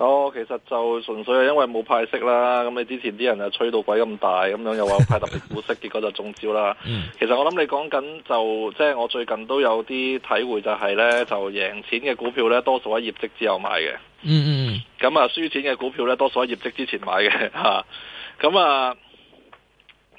哦，oh, 其實就純粹係因為冇派息啦，咁你之前啲人啊吹到鬼咁大，咁樣又話派特別股息， 結果就中招啦。Mm hmm. 其實我諗你講緊就即係、就是、我最近都有啲體會就呢，就係咧就贏錢嘅股票咧，多數喺業績之後買嘅。嗯嗯、mm。咁、hmm. 啊，輸錢嘅股票咧，多數喺業績之前買嘅吓。咁啊，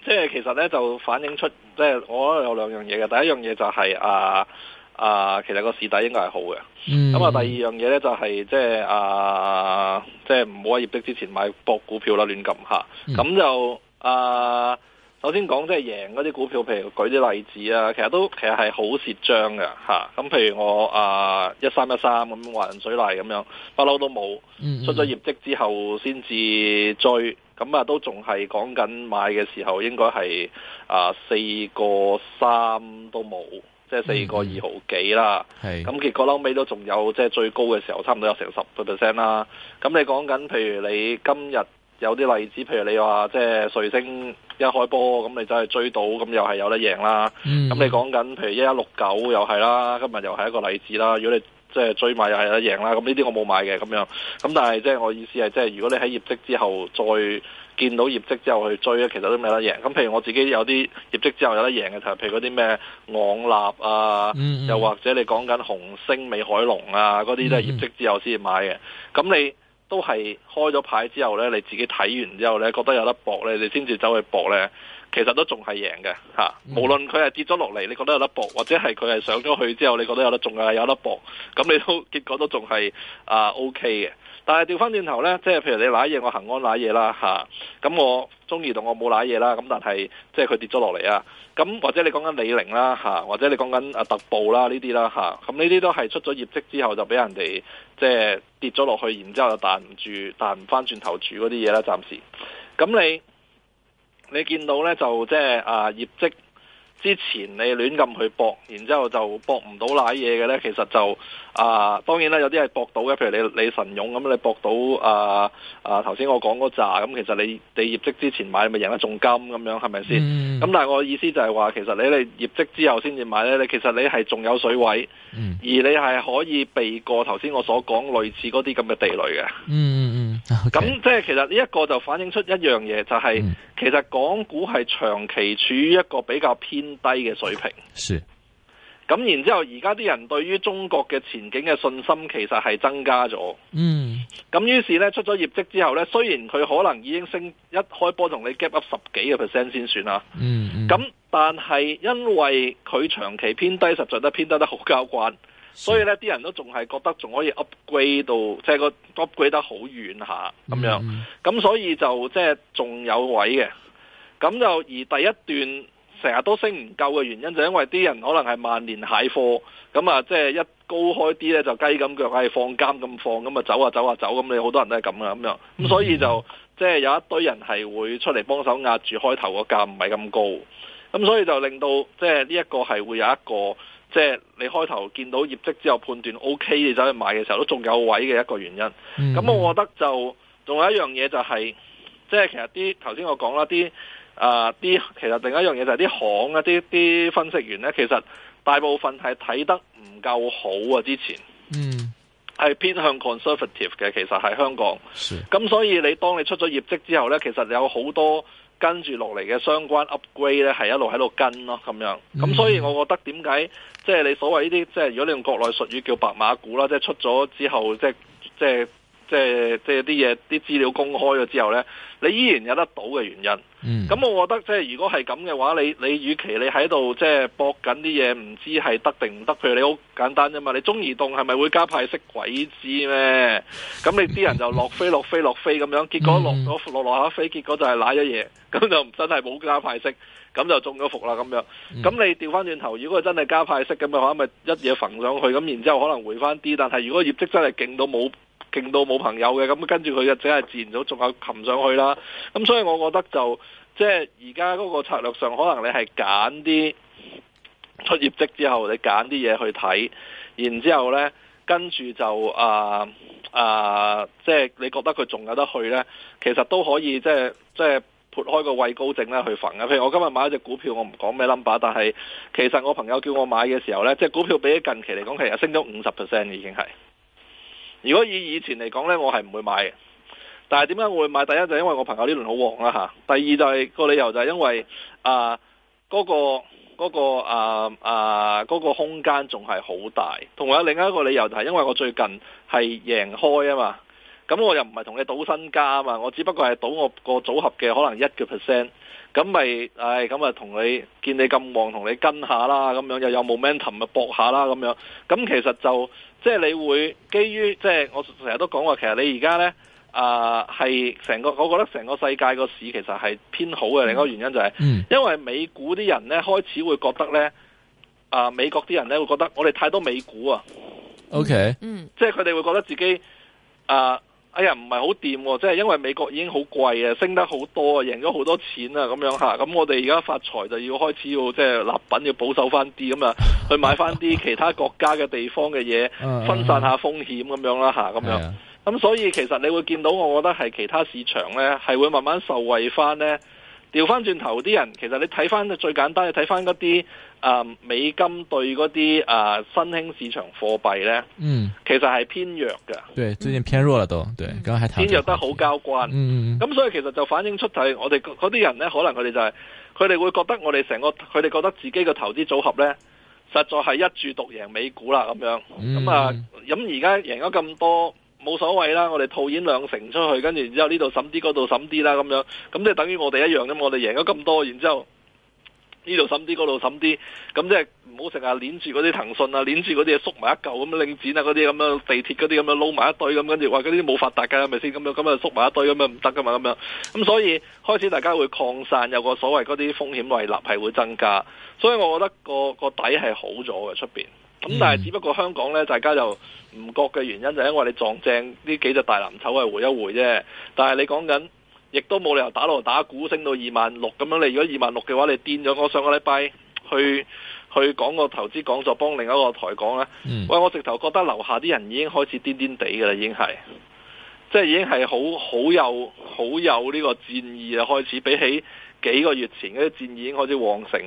即係、啊就是、其實咧就反映出，即、就、係、是、我有兩樣嘢嘅。第一樣嘢就係、是、啊。啊，其實個市底應該係好嘅。咁啊、嗯，第二樣嘢呢、就係，就係即係啊，即係唔好喺業績之前買博股票啦，亂撳嚇。咁、嗯、就啊，首先講即係贏嗰啲股票，譬如舉啲例子啊，其實都其實係好蝕張嘅嚇。咁、啊、譬如我啊一三一三咁華潤水泥咁樣，不嬲都冇，出咗業績之後先至追，咁啊、嗯嗯、都仲係講緊買嘅時候應該係啊四個三都冇。即係四個二毫幾啦，咁結果嬲尾都仲有，即係最高嘅時候差唔多有成十個 percent 啦。咁你講緊，譬如你今日有啲例子，譬如你話即係瑞星一開波，咁你就係追到，咁又係有得贏啦。咁、嗯嗯、你講緊，譬如一一六九又係啦，今日又係一個例子啦。如果你即係、就是、追買又係有得贏啦，咁呢啲我冇買嘅咁樣。咁但係即係我意思係，即、就、係、是、如果你喺業績之後再。見到業績之後去追咧，其實都未得贏。咁譬如我自己有啲業績之後有得贏嘅，就譬如嗰啲咩昂立啊，mm hmm. 又或者你講緊紅星、美凱龍啊，嗰啲都係業績之後先至買嘅。咁你都係開咗牌之後呢，你自己睇完之後呢，覺得有得搏呢，你先至走去搏呢，其實都仲係贏嘅嚇。Mm hmm. 無論佢係跌咗落嚟，你覺得有得搏，或者係佢係上咗去之後，你覺得有得中有得搏，咁你都結果都仲係啊 OK 嘅。但係調翻轉頭呢，即係譬如你瀨嘢，我恒安瀨嘢啦，嚇，咁我中意同我冇瀨嘢啦，咁但係即係佢跌咗落嚟啊，咁或者你講緊李寧啦，嚇、啊，或者你講緊啊特步啦呢啲啦，嚇、啊，咁呢啲都係出咗業績之後就俾人哋即係跌咗落去，然之後就彈唔住，彈唔翻轉頭住嗰啲嘢啦，暫時。咁你你見到呢，就即係啊業績。之前你亂咁去博，然之後就博唔到賴嘢嘅呢，其實就啊、呃、當然啦，有啲係博到嘅，譬如你你神勇咁，你博到啊啊頭先我講嗰扎咁，其實你你業績之前買咪贏得重金咁樣，係咪先？咁、嗯、但係我意思就係話，其實你你業績之後先至買呢，你其實你係仲有水位，而你係可以避過頭先我所講類似嗰啲咁嘅地雷嘅。嗯。咁 Okay. 即係其實呢一個就反映出一樣嘢，就係、是、其實港股係長期處於一個比較偏低嘅水平。咁是然之後，而家啲人對於中國嘅前景嘅信心，其實係增加咗。嗯。咁於是呢，出咗業績之後呢，雖然佢可能已經升一開波同你 gap up 十幾個 percent 先算啦、嗯。嗯。咁但係因為佢長期偏低，實在都偏低得好交關。所以咧，啲人都仲係覺得仲可以 upgrade 到，即係個 upgrade 得好遠下咁樣，咁、嗯、所以就即係仲有位嘅。咁就而第一段成日都升唔夠嘅原因，就是、因為啲人可能係萬年蟹貨，咁啊，即係一高開啲咧就雞咁腳，係放監咁放，咁啊走啊走啊走，咁你好多人都係咁噶咁樣，咁、嗯、所以就即係有一堆人係會出嚟幫手壓住開頭個價唔係咁高，咁所以就令到即係呢一個係會有一個。即係你開頭見到業績之後判斷 OK，你走去買嘅時候都仲有位嘅一個原因。咁、嗯、我覺得就仲有一樣嘢就係、是，即係其實啲頭先我講啦，啲啊啲其實另一樣嘢就係啲行啊啲啲分析員呢，其實大部分係睇得唔夠好啊，之前，嗯，係偏向 conservative 嘅，其實係香港。是。咁所以你當你出咗業績之後呢，其實有好多。跟住落嚟嘅相關 upgrade 咧，係一路喺度跟咯、啊，咁樣咁，所以我覺得點解，即係你所謂呢啲，即係如果你用國內術語叫白馬股啦，即係出咗之後，即係即係。即係即係啲嘢啲資料公開咗之後呢，你依然有得到嘅原因。咁、嗯、我覺得即係如果係咁嘅話，你你與其你喺度即係搏緊啲嘢，唔知係得定唔得。佢你好簡單啫嘛，你中移動係咪會加派息鬼知咩？咁你啲人就落飛落飛落飛咁樣，結果落咗、嗯、落落下飛，結果就係瀨咗嘢，咁就真係冇加派息，咁就中咗伏啦咁樣。咁、嗯、你調翻轉頭，如果真係加派息咁嘅話，咪一嘢焚上去，咁然之後，後可能回翻啲。但係如果業績真係勁到冇勁到冇朋友嘅，咁跟住佢就只係自然咗，仲有擒上去啦。咁所以我覺得就即係而家嗰個策略上，可能你係揀啲出業績之後，你揀啲嘢去睇，然之後呢，跟住就啊啊，即係你覺得佢仲有得去呢，其實都可以即係即係撥開個畏高症呢去揈嘅。譬如我今日買一隻股票，我唔講咩 number，但係其實我朋友叫我買嘅時候呢，即係股票比起近期嚟講，其實升咗五十 percent 已經係。如果以以前嚟講呢，我係唔會買嘅。但係點解我會買？第一就係因為我朋友呢輪好旺啦、啊、嚇。第二就係、是、個理由就係因為啊嗰、那個、那個、啊啊嗰、那個、空間仲係好大。同埋有另一個理由就係因為我最近係贏開啊嘛。咁我又唔係同你賭身家啊嘛。我只不過係賭我個組合嘅可能一個 percent。咁咪唉咁啊，同你見你咁旺，同你跟下啦咁樣，又有 momentum 咪搏下啦咁樣。咁其實就。即係你會基於即係我成日都講過，其實你而家呢啊係成個，我覺得成個世界個市其實係偏好嘅另一個原因就係、是，嗯、因為美股啲人呢開始會覺得呢，啊、呃、美國啲人呢會覺得我哋太多美股啊。O K，嗯，即係佢哋會覺得自己啊。呃哎呀，唔係好掂喎，即係因為美國已經好貴嘅，升得好多啊，贏咗好多錢啊。咁樣吓，咁我哋而家發財就要開始要即係立品要保守翻啲咁啊，去買翻啲其他國家嘅地方嘅嘢， 分散下風險咁樣啦吓，咁樣，咁 所以其實你會見到，我覺得係其他市場呢，係會慢慢受惠翻呢。調翻轉頭啲人，其實你睇翻最簡單，你睇翻嗰啲啊美金對嗰啲啊新興市場貨幣咧，嗯，其實係偏弱嘅。對、嗯，最近偏弱啦都，對，偏弱得好交關，嗯嗯，咁所以其實就反映出係我哋嗰啲人咧，可能佢哋就係、是，佢哋會覺得我哋成個，佢哋覺得自己嘅投資組合咧，實在係一注獨贏美股啦咁樣，咁、嗯嗯、啊，咁而家贏咗咁多。冇所謂啦，我哋套現兩成出去，跟住然之後呢度審啲，嗰度審啲啦，咁樣咁即係等於我哋一樣啫嘛，我哋贏咗咁多，然之後呢度審啲，嗰度審啲，咁即係唔好成日攆住嗰啲騰訊啊，攆住嗰啲縮埋一嚿咁領展啊嗰啲咁啊地鐵嗰啲咁啊撈埋一堆咁，跟住話嗰啲冇發達㗎係咪先？咁樣咁啊縮埋一堆咁啊唔得噶嘛咁樣，咁所以開始大家會擴散，有個所謂嗰啲風險維立係會增加，所以我覺得個個底係好咗嘅出邊。咁、嗯、但係只不過香港呢，大家就唔覺嘅原因就係、是、因為你撞正呢幾隻大藍籌係回一回啫。但係你講緊，亦都冇理由打鑼打鼓升到二萬六咁樣。你如果二萬六嘅話，你癲咗。我上個禮拜去去，去講個投資講座，幫另一個台講咧、嗯、喂，我直頭覺得樓下啲人已經開始癲癲地㗎喇，已經係，即係已經係好好有好有呢個戰意啊，開始比起幾個月前嗰啲戰意已經開始旺盛。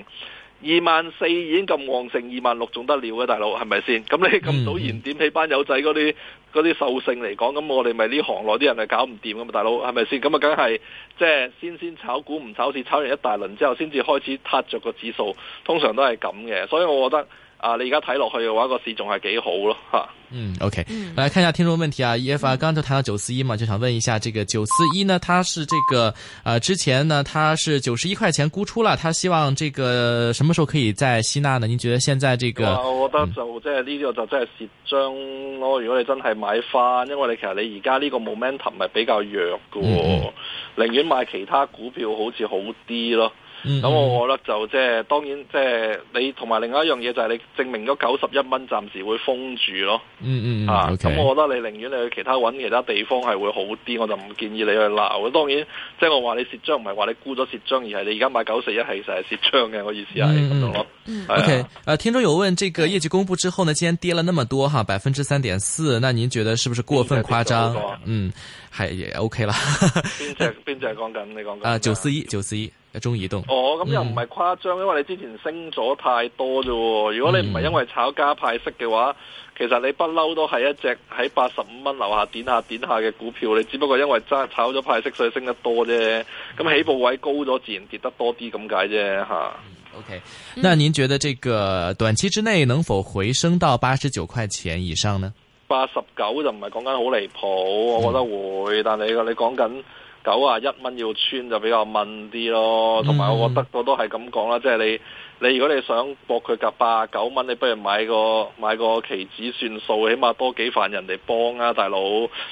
二萬四已經咁旺盛，二萬六仲得了嘅，大佬係咪先？咁你咁早燃點起班友仔嗰啲嗰啲獸性嚟講，咁我哋咪呢行內啲人係搞唔掂㗎嘛，大佬係咪先？咁啊，梗係即係先先炒股唔炒市，炒完一大輪之後，先至開始撻着個指數，通常都係咁嘅，所以我覺得。啊，你而家睇落去嘅話，個市仲係幾好咯吓。嗯，OK，來看一下聽眾問題啊。嗯、EFR 剛剛就談到九四一嘛，就想問一下，這個九四一呢，它是這個，呃，之前呢，它是九十一塊錢沽出了，他希望這個什麼時候可以再吸納呢？你覺得現在這個，啊、我覺得就即係呢個，嗯就，這個、就真係蝕章咯。如果你真係買翻，因為你其實你而家呢個 momentum 係比較弱㗎、哦，哦哦寧願買其他股票好似好啲咯。咁、嗯嗯、我覺得就即、是、係當然即係你同埋另外一樣嘢就係你證明咗九十一蚊暫時會封住咯。嗯嗯啊，咁 okay. 我覺得你寧願你去其他揾其他地方係會好啲，我就唔建議你去鬧。當然，即、就、係、是、我話你蝕章唔係話你沽咗蝕章，而係你而家買九四一係實係蝕章嘅我意思啊。咁嗯嗯。O K，呃，聽眾有問，這個業績公布之後呢，竟然跌了那麼多哈，百分之三點四，那您覺得是不是過分誇張？嗯，係也 OK 啦。邊隻邊隻講緊？你講緊？啊，九四一，九四一。中移動，哦，咁又唔係誇張，嗯、因為你之前升咗太多啫。如果你唔係因為炒家派息嘅話，嗯、其實你不嬲都係一隻喺八十五蚊樓下點下點下嘅股票，你只不過因為揸炒咗派息，所以升得多啫。咁起步位高咗，自然跌得多啲咁解啫吓。OK，那您覺得這個短期之內能否回升到八十九塊錢以上呢？八十九就唔係講緊好離譜，嗯、我覺得會，但係你講緊。九啊一蚊要穿就比較悶啲咯，同埋我覺得我都係咁講啦，即係你你如果你想博佢夾八啊九蚊，你不如買個買個期指算數，起碼多幾份人哋幫啊，大佬，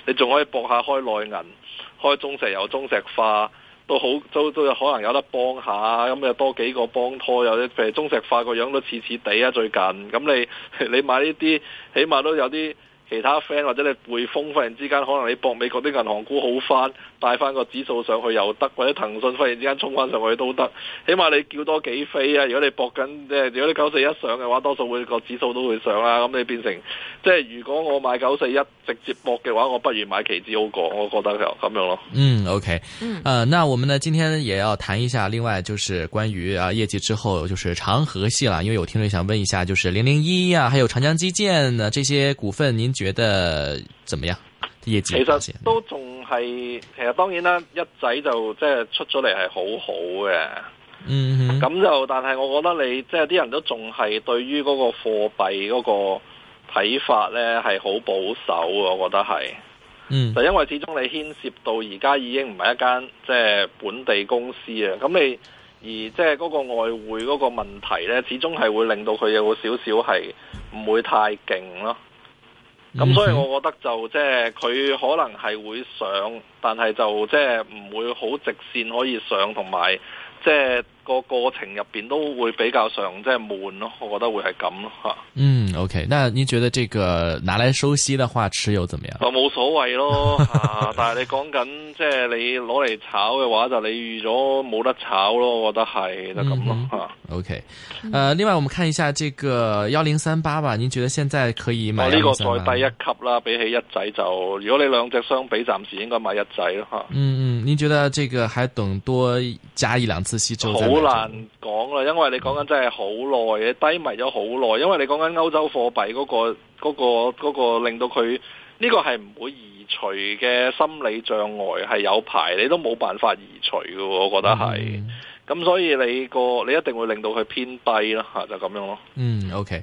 你仲可以博下開內銀、開中石油、中石化都好，都都有可能有得幫下，咁又多幾個幫拖，有啲譬如中石化個樣都似似哋啊，最近咁你你買呢啲起碼都有啲。其他 friend 或者你匯豐忽然之間，可能你搏美國啲銀行股好翻，帶翻個指數上去又得，或者騰訊忽然之間衝翻上去都得。起碼你叫多幾飛啊！如果你搏緊即係如果你九四一上嘅話，多數會個指數都會上啦，啊。咁你變成即係如果我買九四一直接搏嘅話，我不如買期指好過，我覺得就咁樣咯。嗯，OK。嗯，誒、okay. uh,，那我們呢今天也要談一下另外就是關於啊業績之後就是長和系啦，因為有聽眾想問一下，就是零零一啊，還有長江基建呢、啊、這些股份，您。覺得怎麼樣？其實都仲係，其實當然啦，一仔就即係出咗嚟係好好嘅。嗯哼，咁就但係我覺得你即係啲人都仲係對於嗰個貨幣嗰個睇法呢，係好保守，我覺得係。嗯，就因為始終你牽涉到而家已經唔係一間即係、就是、本地公司啊，咁你而即係嗰個外匯嗰個問題呢，始終係會令到佢有少少係唔會太勁咯。咁所以，我覺得就即係佢可能係會上，但係就即係唔會好直線可以上，同埋即係。個過程入邊都會比較上即係悶咯，我覺得會係咁咯吓。嗯，OK，那您覺得這個拿來收息的話持有怎麼樣？我冇所謂咯吓、 啊，但係你講緊即係你攞嚟炒嘅話，就你預咗冇得炒咯，我覺得係就咁咯吓，嗯。OK，誒、呃，另外我們看一下這個幺零三八吧，您覺得現在可以買幺零三八？呢個再低一級啦，比起一仔就，如果你兩隻相比，暫時應該買一仔咯吓。嗯嗯，您覺得這個還等多加一兩次息之後？好難講啦，因為你講緊真係好耐嘅低迷咗好耐，因為你講緊歐洲貨幣嗰個、嗰個、嗰個令到佢呢、個係唔會移除嘅心理障礙係有排你都冇辦法移除嘅，我覺得係。咁、嗯、所以你個你一定會令到佢偏低咯吓，就咁樣咯。嗯，OK。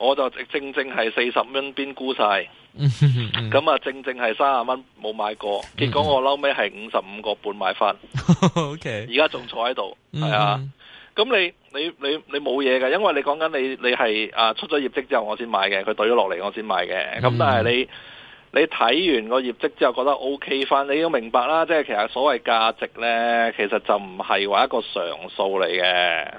我就正正係四十蚊邊沽晒，咁啊 正正係卅蚊冇買過，結果我嬲尾係五十五個半買翻，O K，而家仲坐喺度，係 啊，咁你你你冇嘢嘅，因為你講緊你你係啊出咗業績之後我先買嘅，佢懟咗落嚟我先買嘅，咁 但係你你睇完個業績之後覺得 O K 翻，你都明白啦，即係其實所謂價值呢，其實就唔係話一個常數嚟嘅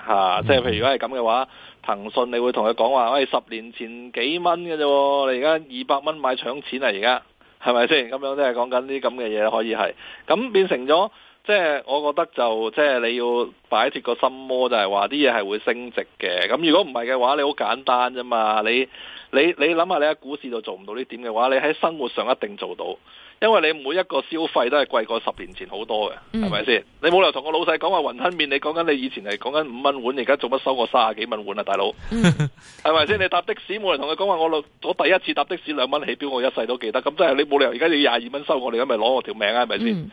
吓，即係譬如如果係咁嘅話。騰訊，騰訊你會同佢講話，喂，十年前幾蚊嘅啫，你而家二百蚊買搶錢啊，而家係咪先？咁樣都係講緊啲咁嘅嘢，可以係，咁變成咗，即係我覺得就即係你要擺脫個心魔就係話啲嘢係會升值嘅。咁如果唔係嘅話，你好簡單啫嘛，你。你你諗下，你喺股市度做唔到呢點嘅話，你喺生活上一定做到，因為你每一個消費都係貴過十年前好多嘅，係咪先？你冇理由同我老細講話雲吞麵，你講緊你以前係講緊五蚊碗，而家做乜收我三十幾蚊碗啊，大佬？係咪先？你搭的士冇人同佢講話，我我第一次搭的士兩蚊起表，我一世都記得。咁即係你冇理由而家你廿二蚊收我，你咪攞我條命啊？係咪先？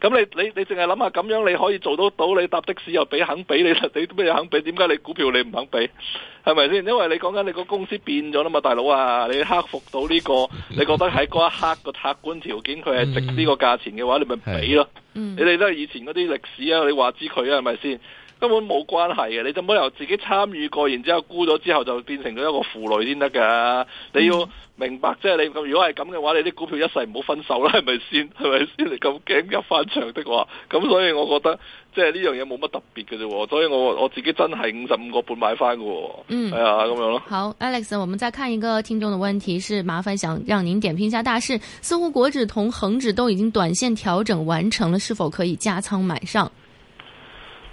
咁、嗯、你你你淨係諗下咁樣，你可以做得到你搭的士又俾肯俾你，你乜嘢肯俾？點解你股票你唔肯俾？係咪先？因為你講緊你個公司變咗啦嘛。大佬啊，你克服到呢個，你覺得喺嗰一刻個客觀條件佢係值呢個價錢嘅話，嗯、你咪俾咯。的你哋都係以前嗰啲歷史啊，你話知佢啊，係咪先？根本冇關係嘅，你唔好由自己參與過，然之後沽咗之後就變成咗一個負累先得噶。你要明白，即係你如果係咁嘅話，你啲股票一世唔好分手啦，係咪先？係咪先你咁驚急翻場的喎？咁所以我覺得即係呢樣嘢冇乜特別嘅啫。所以我我自己真係五十五個半買翻嘅。嗯，係啊、哎，咁樣咯。好，Alex，我們再看一個聽眾嘅問題，是麻煩想讓您點評一下大市。似乎國指同恒指都已經短線調整完成了，是否可以加倉買上？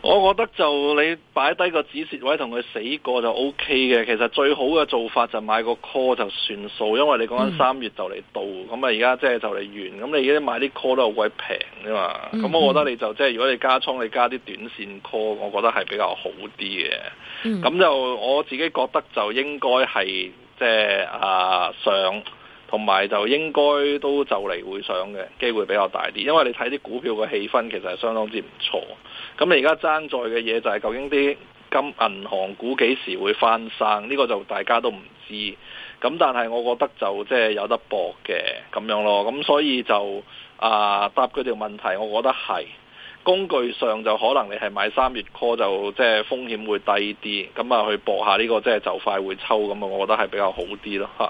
我覺得就你擺低個止蝕位同佢死過就 OK 嘅，其實最好嘅做法就買個 call 就算數，因為你講緊三月就嚟到，咁啊而家即係就嚟完，咁你而家買啲 call 都好鬼平啫嘛，咁、嗯、我覺得你就即係如果你加倉，你加啲短線 call，我覺得係比較好啲嘅。咁、嗯、就我自己覺得就應該係即係啊上，同埋就應該都就嚟會上嘅機會比較大啲，因為你睇啲股票嘅氣氛其實係相當之唔錯。咁你而家爭在嘅嘢就係究竟啲金銀行股幾時會翻生，呢、這個就大家都唔知。咁但係我覺得就即係有得搏嘅咁樣咯。咁所以就啊答佢條問題，我覺得係工具上就可能你係買三月 call 就即係、就是、風險會低啲。咁啊去搏下呢、這個即係、就是、就快會抽咁啊，我覺得係比較好啲咯嚇。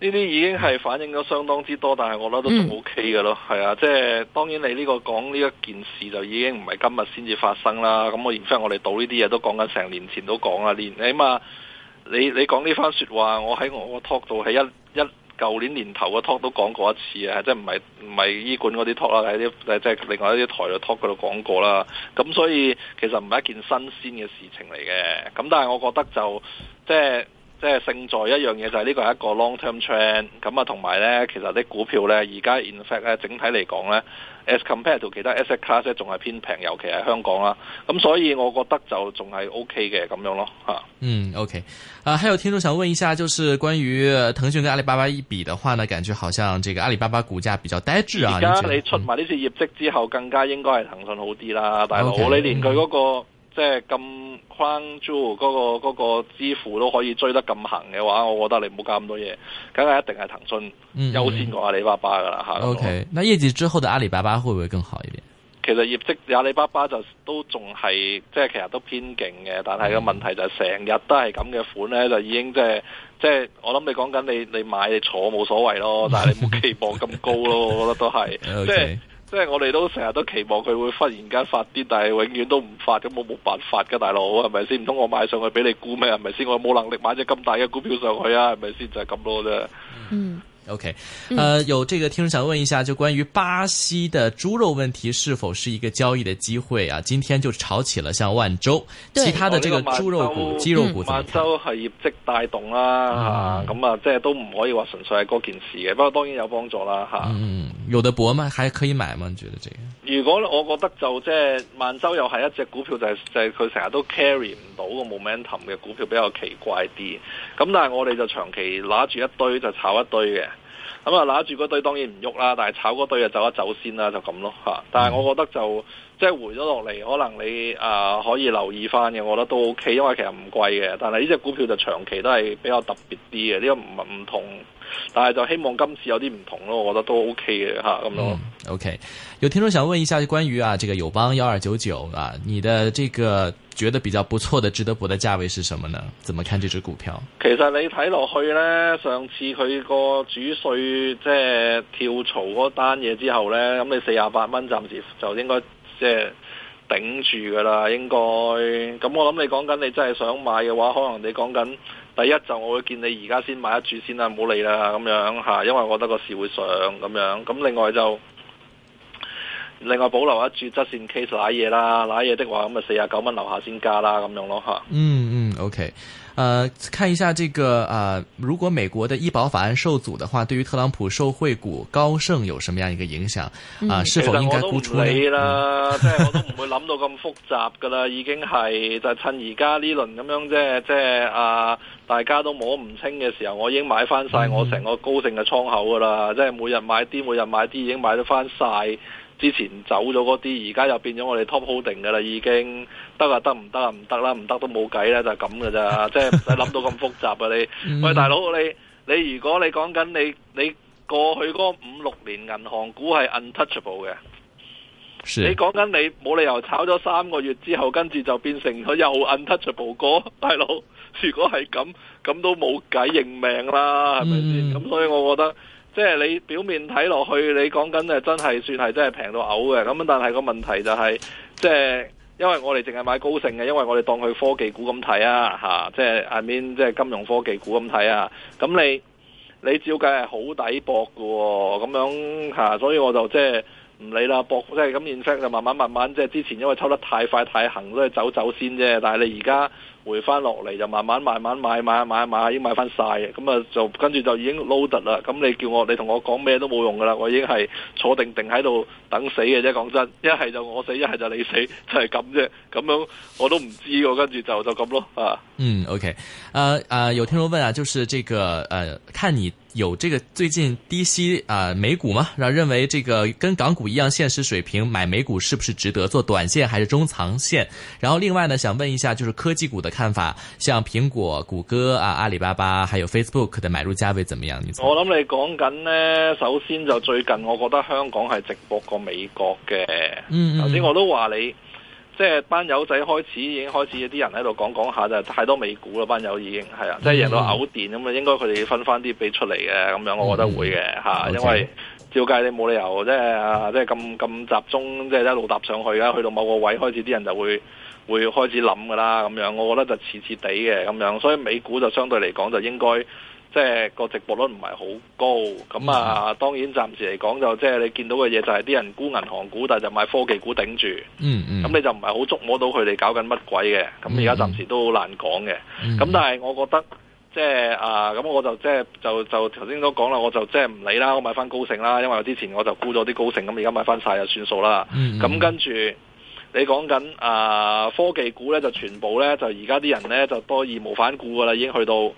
呢啲已經係反映咗相當之多，但係我覺得都仲 OK 嘅咯，係啊、嗯，即係當然你呢、呢個講呢一件事就已經唔係今日先至發生啦。咁我然之後我哋到呢啲嘢都講緊成年前都講啦，連起碼你你，你講呢番説話，我喺我個 talk 度係一一舊年年頭嘅 talk 都講過一次啊，即係唔係唔係醫管嗰啲 talk 啦，喺啲即係另外一啲台度 talk 嗰度講過啦。咁所以其實唔係一件新鮮嘅事情嚟嘅。咁但係我覺得就即係。即係勝在一樣嘢就係呢個係一個 long-term trend，咁啊同埋咧，其實啲股票咧而家 in fact 咧整體嚟講咧，as compared to 其他 asset class 咧，仲係偏平，尤其係香港啦。咁所以我覺得就仲係 OK 嘅咁樣咯嚇。嗯，OK。啊，還有聽眾想問一下，就是關於騰訊跟阿里巴巴一比的話呢？感覺好像這個阿里巴巴股價比較呆滯啊。而家你、嗯、你出埋呢次業績之後，更加應該係騰訊好啲啦，大佬。我 okay，你連佢嗰個、嗯。即係咁 Quant Zoo 嗰個嗰個支付都可以追得咁行嘅話，我覺得你冇搞咁多嘢，梗係一定係騰訊優先過阿里巴巴㗎喇吓。嗯嗯、o、okay. K，那業績之後嘅阿里巴巴會唔會更好一點？其實業績阿里巴巴就都仲係即係其實都偏勁嘅，但係個問題就係成日都係咁嘅款咧，就已經即係即係我諗你講緊你你買你坐冇所謂咯，但係你冇期望咁高咯， 我覺得都係即係。Okay. 即係我哋都成日都期望佢會忽然間發啲，但係永遠都唔發，咁我冇辦法噶，大佬，係咪先？唔通我買上去俾你估咩？係咪先？我冇能力買隻咁大嘅股票上去啊？係咪先？就係咁咯啫。嗯。OK，呃，有這個聽眾想問一下，就關於巴西的豬肉問題是否是一個交易的機會啊？今天就炒起了，像萬洲，對其他的這個豬肉股、雞肉股。萬洲係業績帶動啦，吓，咁啊，即係都唔可以話純粹係嗰件事嘅，不過當然有幫助啦，吓。嗯，嗯有得搏嗎？還可以買嗎？你覺得這個？如果我覺得就即係萬洲又係一隻股票，就係、是、就係佢成日都 carry 唔到個 momentum 嘅股票，比較奇怪啲。咁但係我哋就長期揦住一堆就炒一堆嘅，咁啊揦住嗰堆當然唔喐啦，但係炒嗰堆就走一走先啦，就咁咯嚇。但係我覺得就即係回咗落嚟，可能你啊、呃、可以留意翻嘅，我覺得都 OK，因為其實唔貴嘅。但係呢隻股票就長期都係比較特別啲嘅，呢個唔唔同。但係就希望今次有啲唔同咯，我覺得都 OK 嘅吓咁咯。啊嗯嗯、OK，有聽眾想問一下關於啊，這個友邦幺二九九啊，你的這個覺得比較不錯的值得博的價位是什麼呢？怎麼看這隻股票？其實你睇落去呢，上次佢個主稅即係跳槽嗰單嘢之後呢，咁、嗯、你四廿八蚊暫時就應該即係頂住噶啦，應該咁、嗯、我諗你講緊你真係想買嘅話，可能你講緊。第一就我會見你而家先買一注先啦，唔好理啦咁樣嚇，因為我覺得個市會上咁樣。咁另外就另外保留一注 just in case 攋嘢啦，攋嘢的話咁咪四十九蚊樓下先加啦，咁樣咯嚇、嗯。嗯嗯，OK。呃，看一下這個，呃，如果美國的醫保法案受阻的話，對於特朗普受惠股高盛有什麼樣一個影響？啊、呃，嗯、是否應該估我都唔理啦，嗯、即係我都唔會諗到咁複雜噶啦，已經係 就趁而家呢輪咁樣啫，即係啊、呃，大家都摸唔清嘅時候，我已經買翻晒我成個高盛嘅倉口噶啦，嗯、即係每日買啲，每日買啲，已經買咗翻晒。之前走咗嗰啲，而家又變咗我哋 top holding 㗎啦，已經得啊，啊，啊，啊，啊，得唔得啊？唔得啦，唔得都冇計啦，就咁嘅咋，即係唔使諗到咁複雜嘅、啊、你。嗯、喂，大佬，你你如果你講緊你你過去嗰五六年銀行股係 untouchable 嘅，是你講緊你冇理由炒咗三個月之後，跟住就變成佢又 untouchable，大佬，如果係咁，咁都冇計認命啦，係咪先？咁、嗯、所以我覺得。即係你表面睇落去，你講緊誒真係算係真係平到嘔嘅，咁但係個問題就係、是，即係因為我哋淨係買高盛嘅，因為我哋當佢科技股咁睇啊，吓，I mean，即係眼面即係金融科技股咁睇啊，咁你你照計係好抵搏嘅，咁樣吓、啊，所以我就即係唔理啦，搏即係咁 research 就慢慢慢慢，即係之前因為抽得太快太行都係走走先啫，但係你而家。回翻落嚟就慢慢慢慢買買買買已經買翻晒嘅，咁啊就跟住就已經 load 啦。咁你叫我你同我講咩都冇用噶啦，我已經係坐定定喺度等死嘅啫。講真，一係就我死，一係就你死，就係咁啫。咁樣我都唔知喎。跟住就就咁咯啊。嗯，OK，誒誒有聽眾問啊，就是這個誒看你。有這個最近低息啊美股嗎，然後認為這個跟港股一樣現實水平買美股是不是值得做短線，還是中長線？然後另外呢想問一下，就是科技股的看法，像蘋果、谷歌啊、阿里巴巴，還有 Facebook 的買入價位怎麼樣？我諗你講緊呢，首先就最近我覺得香港係直播過美國嘅，嗯，嗯，頭先我都話你。即係班友仔開始已經開始有啲人喺度講講下就太多美股啦，班友已經係啊，即係贏到嘔電咁啊，應該佢哋分翻啲俾出嚟嘅咁樣，嗯、我覺得會嘅嚇，嗯、因為照計你冇理由即係即係咁咁集中，即係一路搭上去啊，去到某個位開始啲人就會會開始諗噶啦咁樣，我覺得就遲遲地嘅咁樣，所以美股就相對嚟講就應該。即係個直播率唔係好高，咁啊，當然暫時嚟講就即係你見到嘅嘢就係、是、啲人沽銀行股，但係就買科技股頂住。咁、嗯嗯、你就唔係好捉摸到佢哋搞緊乜鬼嘅，咁而家暫時都好難講嘅。咁但係我覺得即係啊，咁、呃、我就即係就就頭先都講啦，我就即係唔理啦，我買翻高盛啦，因為之前我就沽咗啲高盛，咁而家買翻晒就算數啦。咁跟住你講緊啊科技股呢，就全部呢，就而家啲人呢，就多義無反顧噶啦，已經去到。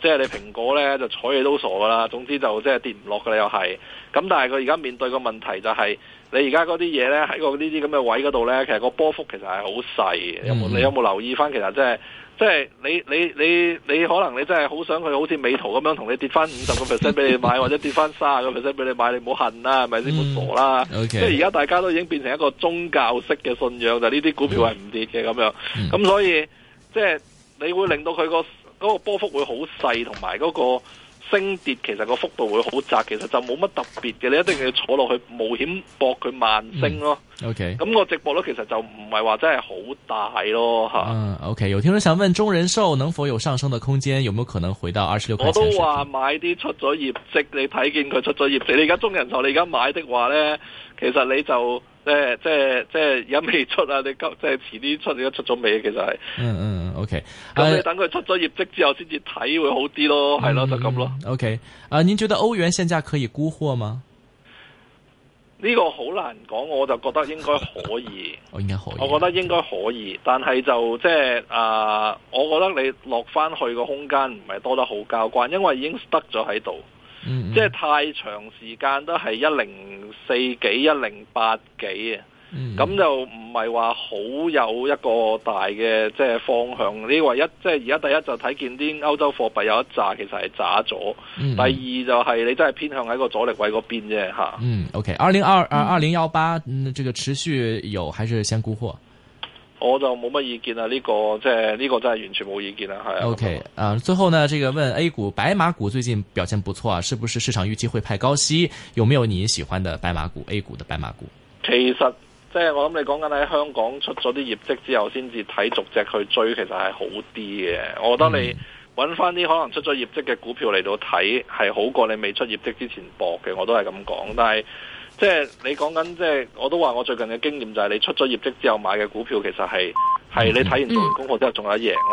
即係你蘋果咧就睬你都傻噶啦，總之就即係跌唔落嘅又係。咁但係佢而家面對個問題就係、是，你而家嗰啲嘢咧喺個呢啲咁嘅位嗰度咧，其實個波幅其實係好細。有冇、嗯嗯、你有冇留意翻？其實、就是、即係即係你你你你，你可能你真係好想佢好似美圖咁樣同你跌翻五十個 percent 俾你買， 或者跌翻卅個 percent 俾你買，你唔好恨啦，咪先冇傻啦。嗯 okay. 即係而家大家都已經變成一個宗教式嘅信仰，就呢、是、啲股票係唔跌嘅咁樣。咁、嗯嗯、所以即係你會令到佢、那個。嗰個波幅會好細，同埋嗰個升跌其實個幅度會好窄，其實就冇乜特別嘅，你一定要坐落去冒險搏佢慢升咯。嗯、OK，咁個直播咧其實就唔係話真係好大咯嚇。OK，有聽眾想問中人壽能否有上升嘅空間，有冇可能回到二十六？我都話買啲出咗業績，你睇見佢出咗業績，你而家中人壽，你而家買的話呢，其實你就。呃、即係即係即係有未出啊？你急，即係遲啲出，而家出咗未？其實係嗯嗯，OK、啊。咁你、啊、等佢出咗業績之後先至睇會好啲咯，係、嗯、咯，就咁咯。OK。啊，您覺得歐元現價可以沽貨嗎？呢個好難講，我就覺得應該可以。 我應該可以。我覺得應該可以，啊嗯、但係就即係啊，我覺得你落翻去個空間唔係多得好交關，因為已經 stuck 咗喺度。嗯、即係太長時間都係一零四幾一零八幾啊，咁、嗯、就唔係話好有一個大嘅即係方向。你唯一即係而家第一就睇見啲歐洲貨幣有一扎，其實係扎咗。嗯、第二就係你真係偏向喺個阻力位嗰邊啫吓。嗯，OK，二零二二二零一八，嗯，okay, 2022, 2018, 嗯，這個持續有還是先沽貨？我就冇乜意見啦，呢、這個即係呢個真係完全冇意見啦，係啊。O、okay. K，啊，最後呢，這個問 A 股白馬股最近表現不錯啊，是不是市場預期會派高息？有沒有你喜歡的白馬股？A 股的白馬股？其實即係、就是、我諗你講緊喺香港出咗啲業績之後，先至睇逐隻去追，其實係好啲嘅。我覺得你搵返啲可能出咗業績嘅股票嚟到睇，係、嗯、好過你未出業績之前博嘅。我都係咁講，但係。即係你講緊，即係我都話我最近嘅經驗就係、是、你出咗業績之後買嘅股票，其實係係、mm hmm. 你睇完做完功課之後仲有得贏、啊。